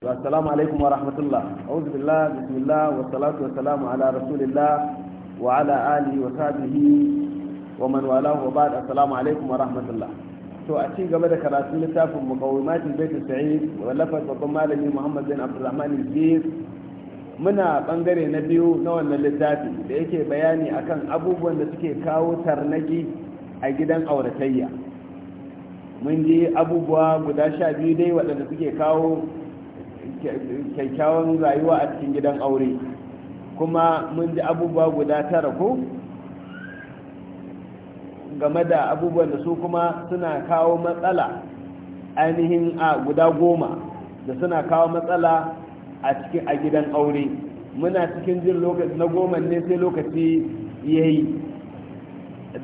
السلام عليكم ورحمة الله أعوذ بالله بسم الله والصلاة والسلام على رسول الله وعلى آله وصحبه ومن والاه وبعد السلام عليكم ورحمة الله to a ci gaba da karatun littafin muqawimatul bait sa'id wallafar babban Malamin, Muhammad bin Abdulrahman Izir muna bangare na biyu na wannan littafi da yake bayani akan abubuwan da suke kawo tarnaki a gidan auratayya mun ji abubuwa guda sha biyu dai waɗanda suke kawo kyakkyawan rayuwa a cikin gidan aure kuma mun ji abubuwa guda tara ko game da abubuwan da su kuma suna kawo matsala ainihin a guda goma da suna kawo matsala a cikin a gidan aure muna cikin jin lokaci na goma ne sai lokaci ya yi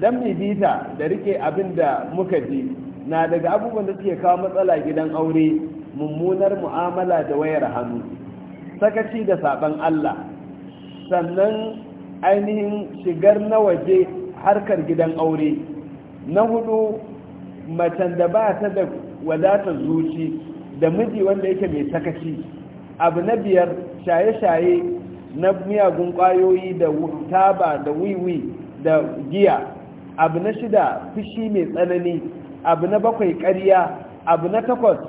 don bita da rike abin da muka ji na daga abubuwan da suke kawo matsala gidan aure mummunar mu'amala da wayar hannu sakaci da saban Allah sannan ainihin shigar na waje harkar gidan aure na hudu macen da ba ta da wadatar zuci da miji wanda yake mai sakaci abu na biyar shaye-shaye na miyagun kwayoyi da taba da wiwi da giya abu na shida fushi mai tsanani abu na bakwai ƙarya abu na takwas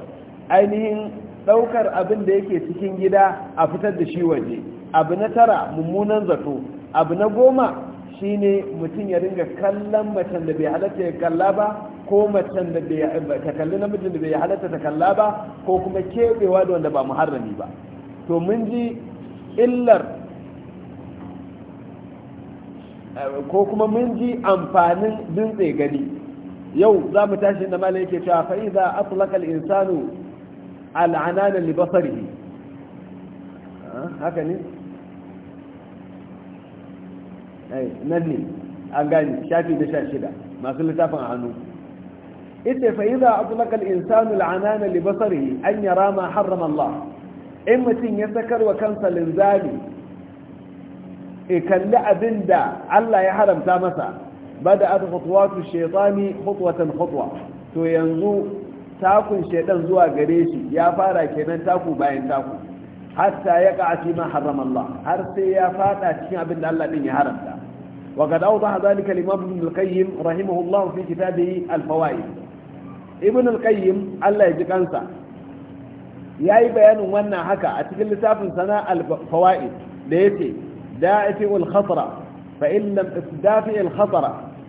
ainihin ɗaukar abin da yake cikin gida a fitar da shi waje abu na tara mummunan zato abu na goma shi ne mutum ya ringa kallon macen da bai halatta ya kalla ba ko macen da ta kalli namijin da bai halatta ta kalla ba ko kuma keɓewa da wanda ba muharrami ba to mun ji illar ko kuma mun ji amfanin dutse gani yau za mu tashi da malai yake cewa fa'iza aslaka insanu al'anana li basarihi ah, haka ne nan ne an gani shafi da sha shida masu littafin a hannu ita fa iza atlaqal insanu al'anana li basarihi an yara ma harrama Allah in mutum ya sakar wa kansa linzami e kalli abinda Allah ya haramta masa bada ad khutuwatu shaytani khutwatan khutwa to yanzu takun shaidan zuwa gare shi ya fara kenan taku bayan taku hatta ya ƙafi ma haram Allah har sai ya fada cikin abin da Allah din ya haramta wa qad awdaha dhalika al ibn al-qayyim rahimahullah fi kitabihi al-fawaid ibn al-qayyim Allah ya ji kansa yayi bayanin wannan haka a cikin littafin sana al-fawaid da yace da'ifu al-khatara fa in lam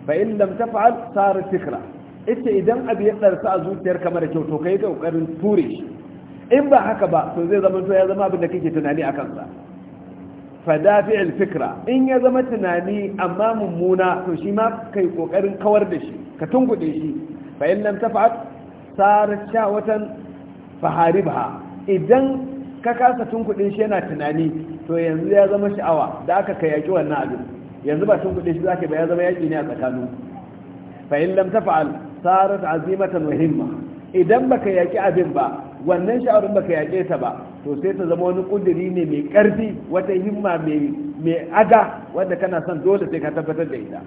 in taf'al sarat fikra ita idan abu ya tsarsa a zuciyar kamar da kyau to kai ƙoƙarin ture shi in ba haka ba to zai zama to ya zama abin da kake tunani a kansa fadafi alfikra in ya zama tunani amma mummuna to shi ma kai ƙoƙarin kawar da shi ka tungude shi fa in lam tafa'at sarat shawatan faharibha idan ka kasa tunkuɗe shi yana tunani to yanzu ya zama sha'awa da aka kai yaƙi wannan abin yanzu ba tunkuɗe shi zaka ba ya zama yaƙi ne a tsakanin fa in lam tafal sarat azimatan muhimma idan baka yaki abin ba wannan sha'awar baka yake ta ba to sai ta zama wani kudiri ne mai karfi wata himma mai aga wanda kana son dole sai ka tabbatar da ita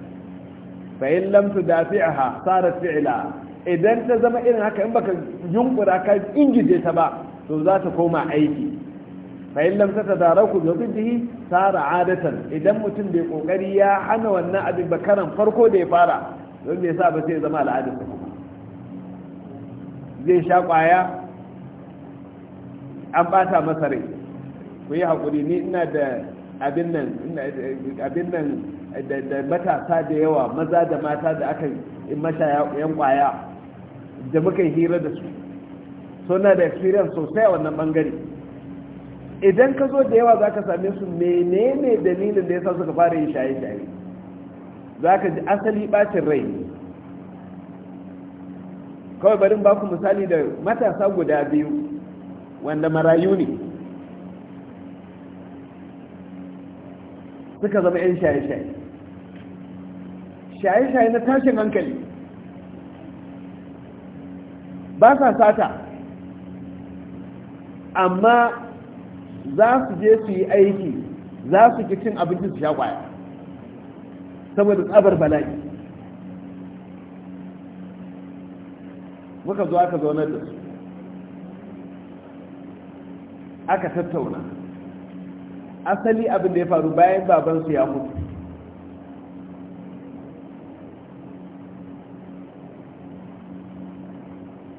fa in lam tudafi'ha sarat fi'la idan ta zama irin haka in baka yunkura ka ingije ta ba to za ta koma aiki fa in lam tatadaraku bi dhiddihi sara adatan idan mutum bai kokari ya hana wannan abin ba karan farko da ya fara don me sa ba sai zama al'adar ba. zai sha kwaya an bata masa rai ku yi haƙuri ni ina da abin nan da matasa da yawa maza da mata da aka yi yan kwaya da muka hira da su na da experience sosai a wannan bangare idan ka zo da yawa za ka same su menene dalilin da ya sa suka fara yin shaye-shaye zaka ji asali ɓacin rai kawai barin ku misali da matasa guda biyu wanda marayu ne suka zama 'yan shaye-shaye shaye-shaye na tashin hankali ba sa sata amma za su je su yi aiki za su ki cin abinci su sha kwaya saboda tsabar bala'i muka zo aka zaunar da su aka tattauna asali abin da ya faru bayan babansu ya mutu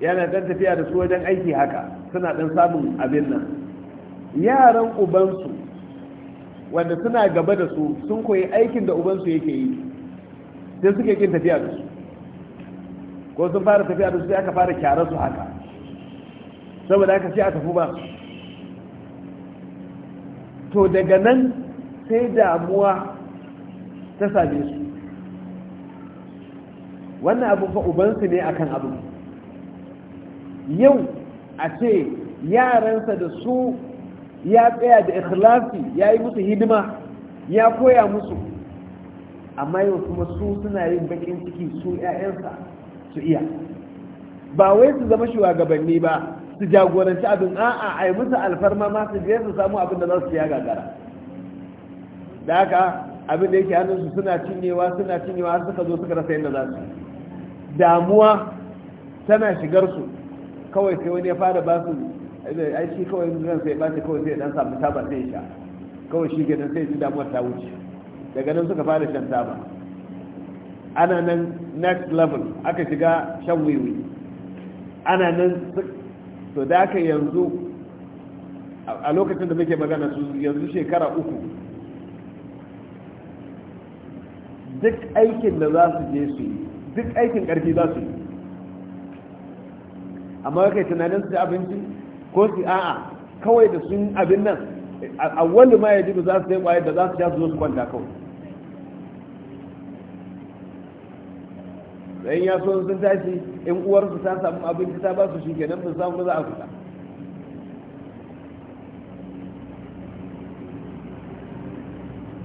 yana dan tafiya da su wajen aiki haka suna dan samun abin nan yaran ubansu wanda suna gaba da su sun koyi aikin da ubansu yake yi sai suke kin tafiya da su ko sun fara tafiya da su sai aka fara kyara su haka saboda aka ce a tafi ba to daga nan sai damuwa ta same su wannan abu fa ubansu ne akan abu yau a ce yaransa da su ya tsaya da ikhlasi ya yi musu hidima ya koya musu amma yau kuma su suna yin bakin ciki su ƴaƴansa su iya ba wai su zama shugabanni ba su jagoranci abin a'a a musu alfarma ma su je su samu abin da za su ya gagara da haka abin da yake hannunsu suna cinyewa suna cinyewa har suka zo suka rasa yadda za su damuwa tana shigar su kawai sai wani ya fara ba su ai shi kawai ran sai ba kawai sai dan samu taba sai sha kawai shi gidan sai ji damuwar ta wuce daga nan suka fara shan taba ana nan next level aka shiga shan wiwi ana nan to da aka yanzu a lokacin da muke magana su yanzu shekara uku duk aikin da za su je su yi duk aikin karfi za su yi amma kai tunanin su abinci ko su a'a kawai da sun abin nan a wani ma yaji za su sai kwayar da za su ja su zo su kwanta kawai dan ya so sun tashi in uwarsu ta samu abinci ta ba su shikenan sun samu za a fita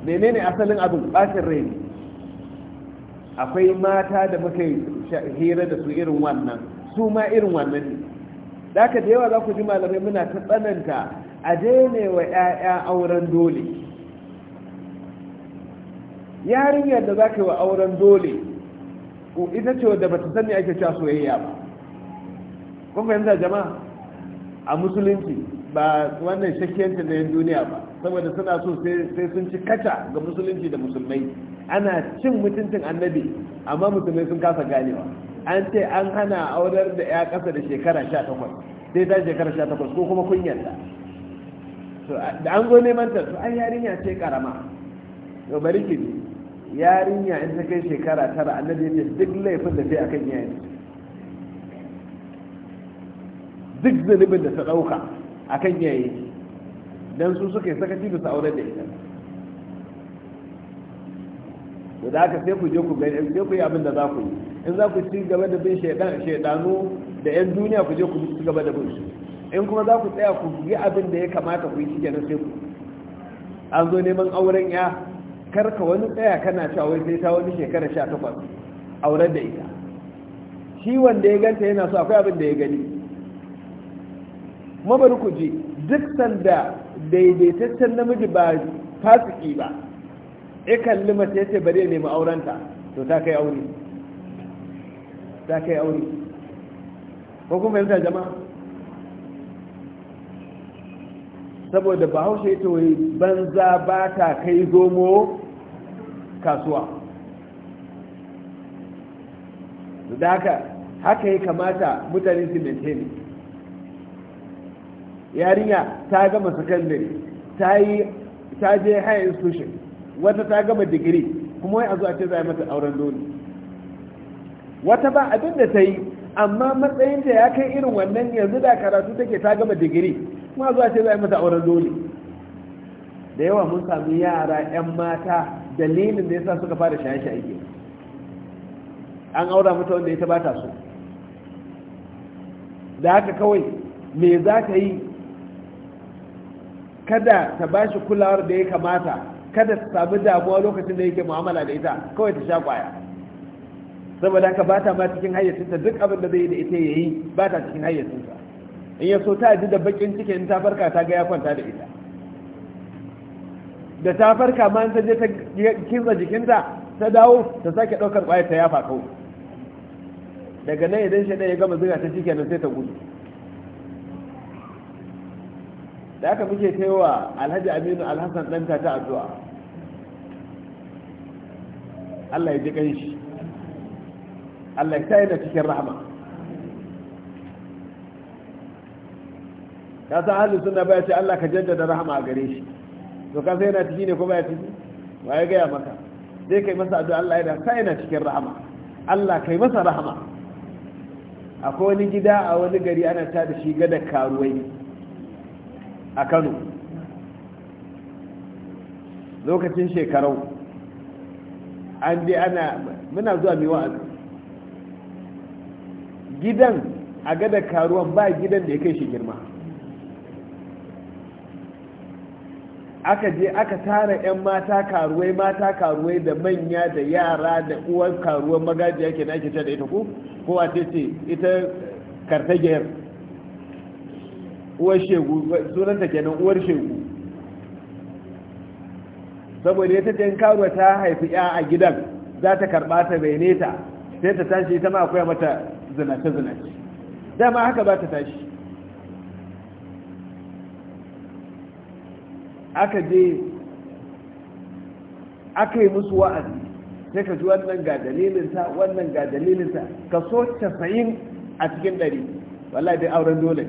menene asalin abin bacin rai ne akwai mata da muka hira da su irin wannan su ma irin wannan ne da ka da yawa za ku ji malamai muna ta tsananta a daina wa 'ya'ya auren dole yarinyar da za ka yi wa auren dole ita ce wadda ba ta sani ake cewa soyayya ba kun fahimta jama'a a musulunci ba wannan shakkiyancin na yin duniya ba saboda suna so sai sun ci kaca ga musulunci da musulmai ana cin mutuncin annabi amma musulmai sun kasa ganewa an ce an hana aurar da ya kasa da shekara 18 sai ta shekara 18 ko kuma kun yarda da an zo neman ta su ai yarinya ce karama to bari ki yarinya in ta kai shekara tara annabi ya ce duk laifin da sai akan yayi duk zunubin da ta dauka akan yayi dan su suka yi sakaci da su aure da ita to da ka sai ku je ku gani sai ku yi abin da za ku yi in za ku ci gaba da bin shaidanu da 'yan duniya ku je ku ci gaba da bin su in kuma za ku tsaya ku yi abin da ya kamata ku yi shi kenan sai ku an zo neman auren ya karka wani tsaya kana sha wai sai ta wani shekara sha takwas auren da ita shi wanda ya ganta yana so akwai abin da ya gani mabar ku ji duk sanda daidaitaccen namiji ba fasiki ba ya kalli mace ya ce bari ya nemi aurenta to ta kai aure ta ka aure ko kuma fahimta jama'a saboda bahaushe ta wai banza ba ta kai zomo kasuwa da haka haka ya kamata mutane su maintain yarinya ta gama secondary ta yi ta je higher institution wata ta gama digiri kuma wai a zuwa ce za a yi mata auren doni? wata ba abin da ta yi amma matsayinta ya kai irin wannan yanzu da karatu take ta gama digiri kuma zuwa ce za a yi mata auren dole da yawa mun sami yara 'yan mata dalilin da ya sa suka fara shaye-shaye an aura mata wanda ya ba ta so da haka kawai me za ka yi kada ta ba shi kulawar da ya kamata kada ta sami damuwa lokacin da yake mu'amala da ita kawai ta sha kwaya saboda haka ba ta ma cikin hayyacinta duk abin da zai yi da ita ya yi ba ta cikin hayyacinta in ya so ta ji da bakin ciki in ta farka ta ga ya kwanta da ita da ta farka ma in ta je ta kinza jikinta ta dawo ta sake ɗaukar ƙwayar ta yafa kawo daga nan idan shi ya gama zuga ta cikin nan sai ta gudu da aka muke wa alhaji aminu alhassan ɗanta ta addu'a Allah ya ji ƙanshi Allah ta yi na cikin rahama ka san halin suna baya ce Allah ka jaddada rahama a gare shi to ka sai yana ciki ne ko baya ciki wa ya gaya maka zai kai masa addu'a Allah ya sa yana cikin rahama Allah kai masa rahama ko wani gida a wani gari ana ta da shiga da karuwai a Kano lokacin shekarau an je ana muna zuwa mai wa'azi gidan a gada karuwan ba gidan da ya kai shi girma aka je aka tara 'yan mata karuwai mata karuwai da manya da yara da uwan karuwan magajiya ke ake ce da ita ko kowa ce ce ita kartagiyar uwar shegu sunanta kenan uwar shegu saboda ita ce karuwa ta haifi 'ya a gidan za ta karɓa ta ne ta sai ta tashi ita ma akwai mata zinace-zinace dama haka ba ta tashi aka je aka yi musu wa'azi sai ka ji wannan ga dalilinsa wannan ga so ta 90 a cikin ɗari wallahi dai auren dole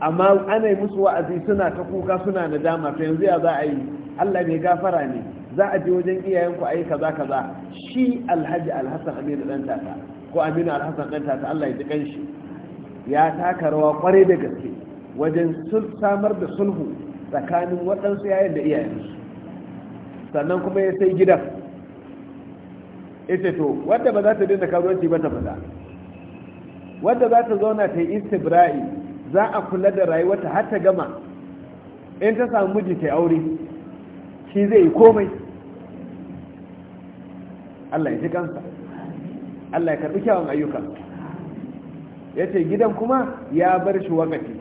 amma ana yi musu wa'azi suna ta kuka suna nadama ta yanzu ya za a yi allah mai gafara ne za a je wajen iyayenku a yi kaza kaza shi alhaji alhassan aminu dan tata ko aminu alhassan dan tata allah ya ji kanshi ya taka rawa kwarai da gaske wajen samar da sulhu tsakanin waɗansu yayin da iyayensu sannan kuma ya sai gidan ita to wadda ba za ta dinda karuwanci ba ta fada wadda za ta zauna ta yi istibra'i za a kula da rayuwarta har ta gama in ta samu miji ta aure shi zai yi komai Allah ya ji kansa Allah ya karbi kyawun ayyukan yace gidan kuma ya bar shi wakati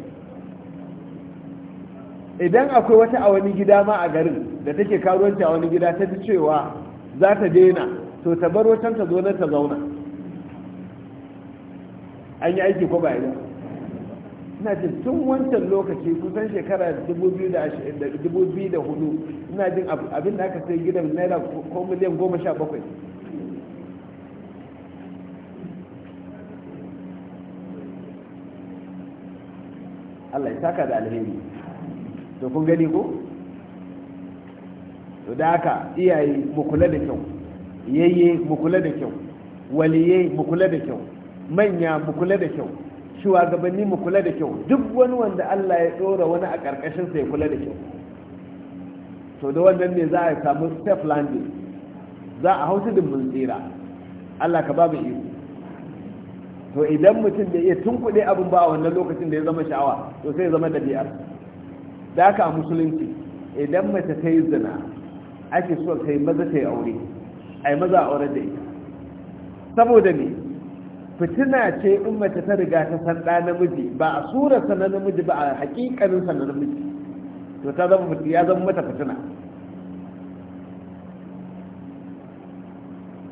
idan akwai wata a wani gida ma a garin da take karuwanci a wani gida ta ji cewa za ta daina to ta bar wacan ta zo ta zauna an yi aiki ko ba yi ina jin tun wancan lokaci kusan shekara 2004 ina jin abin da aka sai gidan naira ko miliyan 17 Allah ya saka da alheri to kun gani ko to da haka iyaye mu kula da kyau yayye mu kula da kyau waliye mu kula da kyau manya mu kula da kyau shugabanni mu kula da kyau duk wani wanda Allah ya dora wani a karkashin sa ya kula da kyau to da wannan ne za a samu safe landing za a hausa da mun tsira Allah ka babu iko to idan mutum da iya tunkuɗe abin ba a wannan lokacin da ya zama sha'awa to sai ya zama ɗabi'ar da ka a musulunci idan mace ta yi zina ake so ta yi maza ta yi aure a yi maza a aure da ita saboda ne fitina ce in mace ta riga ta san ɗa namiji ba a surarsa na namiji ba a hakikanin na namiji to ta zama ya zama mata fitina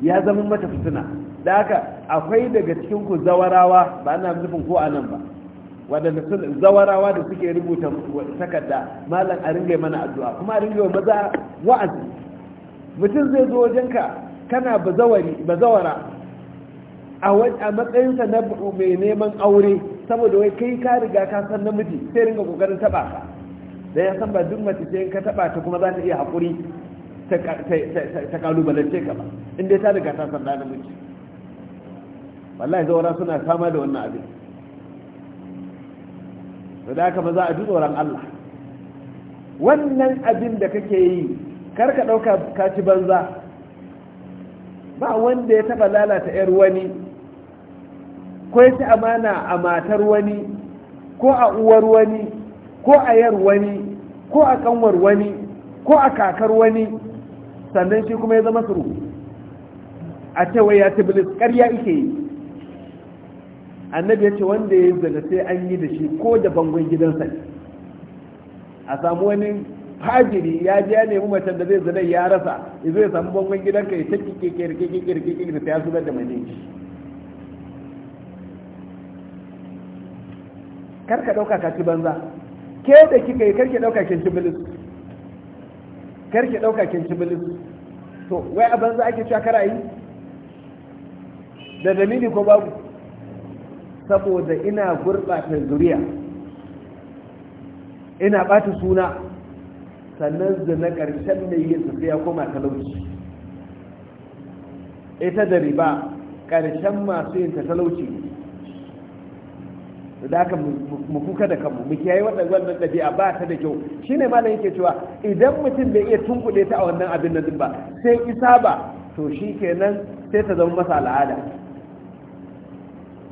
ya zama mata fitina da haka akwai daga cikin ku zawarawa ba ana nufin ko a ba wadanda sun zawarawa da suke rubuta takarda malam a ringa mana addu'a kuma a ringa maza wa'azi mutum zai zo wajenka kana bazawara a matsayinsa na mai neman aure saboda wai kai ka riga ka san namiji sai ringa kokarin taba ka da ya san ba duk mace sai ka taba ta kuma za ta iya hakuri ta kalubalance ka ba dai ta riga ta san namiji wallahi zaura suna kama da wannan abin da aka ba za a ji tsoron Allah wannan abin da kake yi kar ka ɗauka kaci banza ba wanda ya taɓa lalata 'yar wani ko ya ci amana a matar wani ko a uwar wani ko a yar wani ko a kanwar wani ko a kakar wani sannan shi kuma ya zama suru a cewa ya tibilis ƙarya ike yi annabi ya ce wanda ya zina sai an yi da shi ko da bangon gidansa ne a samu wani fajiri ya ji ya nemi macen da zai zina ya rasa ya zai samu bangon gidanka ya ta kike kirki kike kirki kike da ya zubar da mai kar ka dauka ka ci banza ke da kika yi kar ki dauka kin ci bilis kar ki dauka kin ci bilis to wai a banza ake cewa kara yi da dalili ko babu saboda ina gurɓata zuriya ina ɓata suna sannan zina ƙarshen mai yin sai ya koma talauci ita da riba ƙarshen masu yin talauci da aka mu kuka da kanmu mu kiyaye wannan ɗabi'a ba ta da kyau shine malam yake cewa idan mutum bai iya tunkuɗe ta a wannan abin nan ba sai isa ba to shi kenan sai ta zama masa al'ada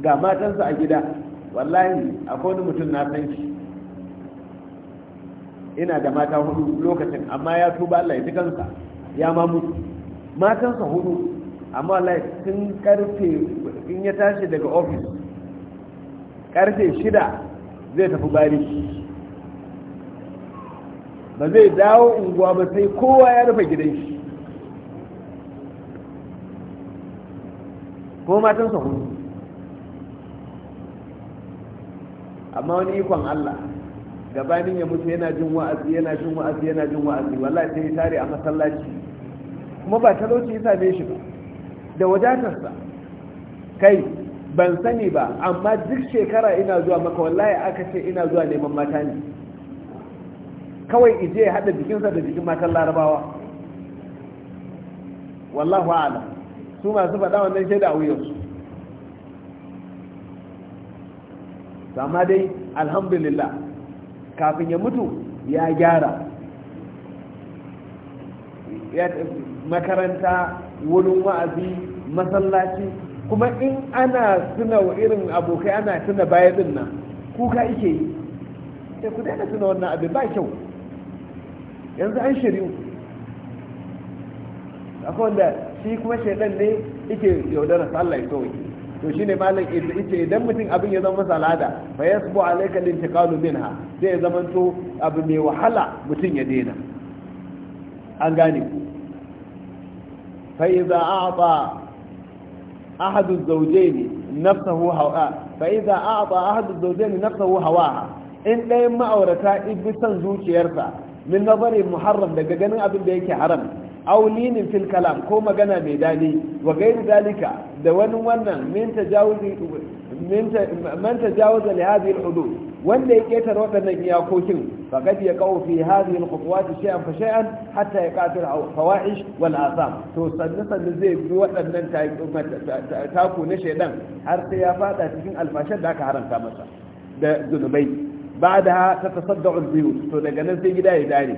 ga matansa a gida wallahi akwai wani mutum na san shi ina da mata hudu lokacin amma ya tuba Allah ya fi kansa ya ma mutu matansa hudu amma wallahi tun karfe in ya tashi daga ofis karfe shida zai tafi bari ba zai dawo unguwa ba sai kowa ya rufe gidan shi ko matansa hudu amma wani ikon Allah gabanin ya mutu yana jin wa'azi yana jin wa'azi yana jin wa'azi wallahi sai ya tare a masallaci kuma ba talauci ya same shi ba da wajatarsa kai ban sani ba amma duk shekara ina zuwa maka wallahi aka ce ina zuwa neman mata ne kawai ije ya haɗa jikinsa da jikin matan larabawa wallahu ala su masu faɗa wannan shaida a wuyansu to amma dai alhamdulillah kafin ya mutu ya gyara makaranta wurin wa'azi masallaci kuma in ana suna irin abokai ana tuna baya din nan kuka ike yi sai ku daina tuna wannan abin ba kyau yanzu an shirin akwai wanda shi kuma shaidan ne ike yaudarar sallai ya kawai to shine malam ita idan mutum abin ya zama masa al'ada fa yasbu alayka lintiqalu minha sai ya zama to abu mai wahala mutum ya daina an gane ku fa idza a'ta ahadu zawjayn nafsahu hawa fa idza a'ta ahadu zawjayn nafsahu hawaha in ɗayan ma'aurata ibi son zuciyarsa min nazari muharram daga ganin abin da yake haram aulinin filkalam fil kalam ko magana mai dadi wa gairi dalika da wani wannan min tajawuzi li hadhihi al hudud wanda ya ketare waɗannan iyakokin faqad yaqau fi hadhihi al khutuwat shay'an fa shay'an hatta yaqatil fawahish wal asam to sannan sannan zai bi waɗannan taku na shaydan har sai ya fada cikin alfashar da aka haramta masa da zunubai بعدها تتصدع البيوت to daga nan sai gida ya dare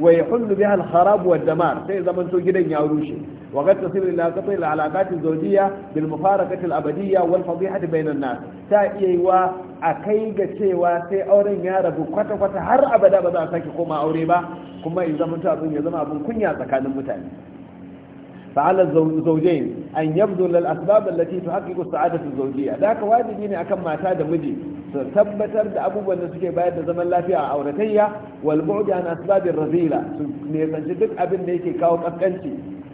Wai ya biha al-kharab wa damar sai zaman to gidan ya rushe wa qad tasilu ila qatl al-alaqat az-zawjiyya bil mufaraqat al-abadiyya wal fadiha bayna an-nas ta iya yi wa akai ga cewa sai auren ya rabu kwata kwata har abada ba za a sake koma aure ba kuma in zaman to abin ya zama abin kunya tsakanin mutane فعلى الزوجين أن يبذل الأسباب التي تحقق السعادة الزوجية ذاك واجبين أكم ما تاد مجي su tabbatar da abubuwan da suke bayar da zaman lafiya a auratayya wal bu'd an asbabir razila su ne duk abin da yake kawo kaskanci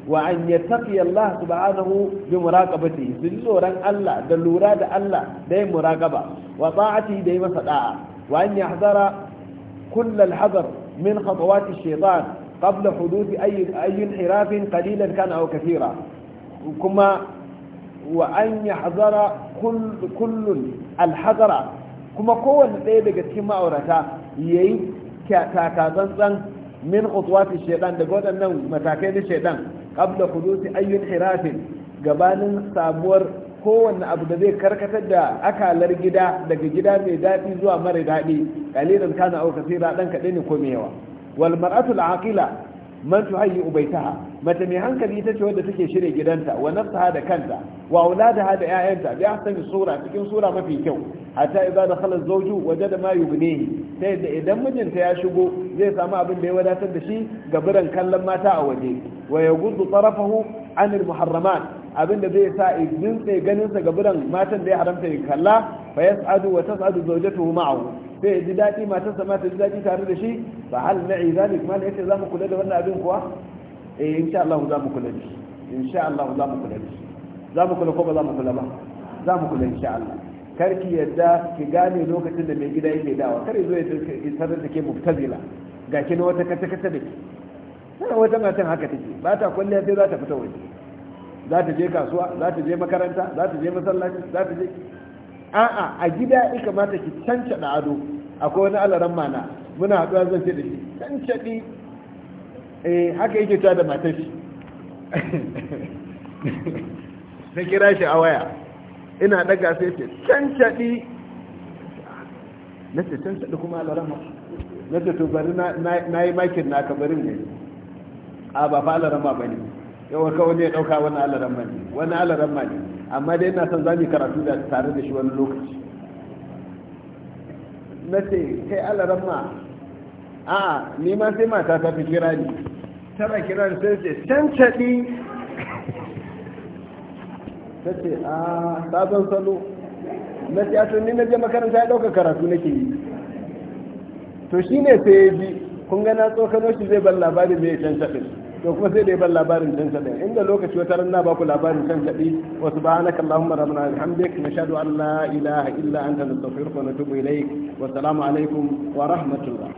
wa an yattaqi Allah subhanahu bi muraqabati su tsoron Allah da lura da Allah da yin muraqaba wa ta'ati da yi masa da'a wa an yahdara kull al hadar min khatawat ash-shaytan qabla hudud ay ay inhiraf qalilan kana aw kathira kuma wa an yahdara kull kull al hadara kuma kowanne ɗaya daga cikin ma'aurata ya yayi takazantsan min kutuwafi shaidan daga waɗannan matakai na shaytan qabla kudusi ayyun hirafin gabanin sabuwar kowanne abu da zai karkatar da akalar gida daga gida mai daɗi zuwa mara daɗi kalilan kana au kasira dan kaɗai ne ko mai yawa wal la'aƙila. man tuhayyi ubaitaha mace mai hankali ita ce wadda take shirya gidanta wa nafsaha da kanta wa auladaha da ƴaƴanta bi ahsani sura cikin sura mafi kyau hatta idza dakhala zawju wajada ma yubnihi ta yadda idan mijinta ya shigo zai samu abin da ya wadatar da shi ga biran kallon mata a waje wa yaghuddu tarafahu an al-muharramat abin da zai sa idin sai ganin sa ga biran matan da ya haramta ya kalla fa yas'adu wa tas'adu zawjatuhu ma'ahu sai ya ji daɗi matarsa ma ta ji daɗi tare da shi Ba hal ma'i zalik ma yace za mu kula da wannan abin kuwa eh insha Allah za mu kula da shi insha Allah za mu kula da shi za mu kula ko ba za mu kula ba za mu kula insha Allah Kar ki yadda ki gane lokacin da mai gida yake dawa kar zo ya tsara da ke muftazila ga ki na wata kata kata da ke sai wata matan haka take ba ta kwalliya sai za ta fita waje za ta je kasuwa za ta je makaranta za ta je masallaci za ta je a'a a gida ya kamata ki cancaɗa ado akwai wani alaran mana muna haɗuwa zan ce da shi cancaɗi eh haka yake ta da matar shi na kira shi a waya ina daga sai ce cancaɗi na ce cancaɗi kuma alaran ma na ce to bari na yi makin na bari ne a ba fa alaran ma ba ne yawon kawai ne ya ɗauka wani alaran ma ne wani alaran ma ne amma dai na son za mu karatu da tare da shi wani lokaci na ce kai alaran ma a a ma sai mata ta fi kira ni tara kira ni sai ce can caɗi ta ce a sabon salo na ce a ni na je makaranta ya ɗauka karatu nake yi to shi ne sai ya ji kun gana tsokano shi zai ban labarin mai can caɗi to kuma sai da ban labarin can kaɗai inda lokaci wata ranna na ba ku labarin can kaɗai wa subhanaka allahumma rabbana alhamdik nashhadu an la ilaha illa anta nastaghfiruka wa natubu ilaik wa assalamu alaikum wa rahmatullah